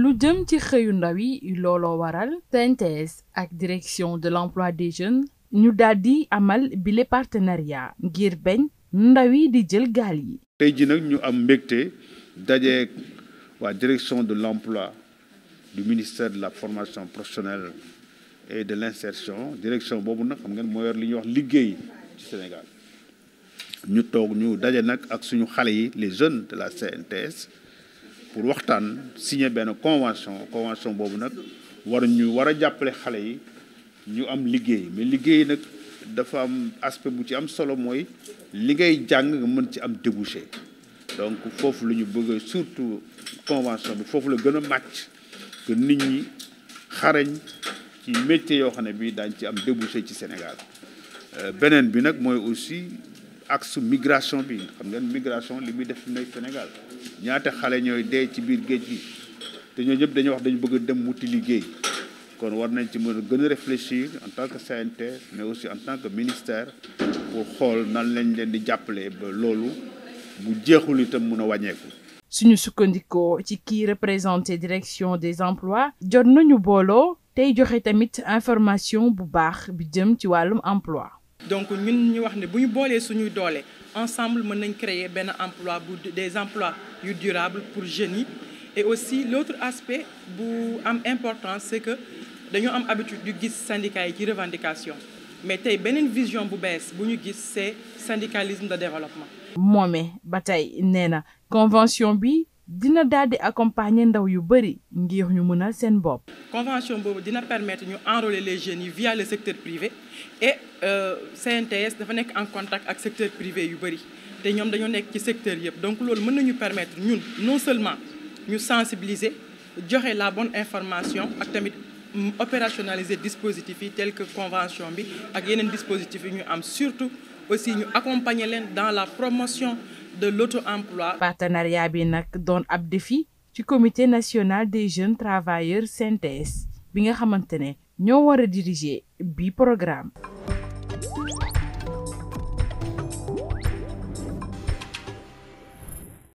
lu jëm ci xëyu ndaw yi looloo waral CNTS ak direction de l'emploi des jeunes ñu daldi amal bile partenariat ngir bañ ndaw yi di jël gaal yi. tey ji nag ñu am mbégte dajeek waa direction de l'emploi du ministère de la formation professionnelle et de l'insertion direction boobu nag xam ngeen moo yor ñuy wax liggéey ci Sénégal. ñu toog ñu daje nag ak suñu xale yi les jeunes de la CNTS pour waxtaan signe benn convention convention boobu nag war ñu war a jàppale xale yi ñu am liggéey mais liggéey nag dafa am aspect bu ci am solo mooy li ngay jàng nga mën ci am débouché donc foofu lu ñu bëgg surtout convention bi foofu la gën a màcc que nit ñi xarañ ci métier yoo xam ne bi daañ ci am débouché ci Sénégal euh, beneen bi nag mooy aussi axe migration bi xam ngeen migration li muy def nay Sénégal ñaata xale ñooy dee ci biir géej gi te ñoo ñëpp dañuy wax dañu bëgg dem wuti liggéey kon war nañ ci mën a gën a réfléchir en tant que CNT mais aussi en tant que ministère pour xool nan lañ leen di jàppale ba loolu bu jeexul itam mën a wàññeeku. suñu sukkandikoo ci kii représenté direction des emplois jot nañu booloo tey joxe tamit information bu baax bi jëm ci wàllum emploi. donc ñun ñu wax ne bu ñu boolee suñuy doole ensemble mën nañ créer benn emploi bu des emplois yu durable pour jeunes yi et aussi l'autre aspect bu am importance c'est que dañoo am habitude du gis syndicats yi ci revendication mais tey beneen vision bu bees bu ñu gis c'est syndicalisme de développement moome ba tey nee na convention bi dina daal di accompagner ndaw yu bëri ngiir ñu mënal seen bopp. convention boobu dina permettre ñu enrôler les jeunes yi via le secteur privé et euh, CNTS dafa nekk en contact ak secteur privé yu bëri te ñoom dañoo nekk ci secteur yëpp donc loolu mën nañu permettre ñun non seulement ñu sensibiliser joxe la bonne information ak tamit. opérationaliser dispositif yi tel que convention bi ak yeneen dispositif yi ñu am surtout aussi ñu accompagner leen dans la promotion de l'auto-emploi. partenariat bi nag doon ab défi ci comité national des jeunes travailleurs CNTS bi nga xamante ne ñoo war a diriger bi programme.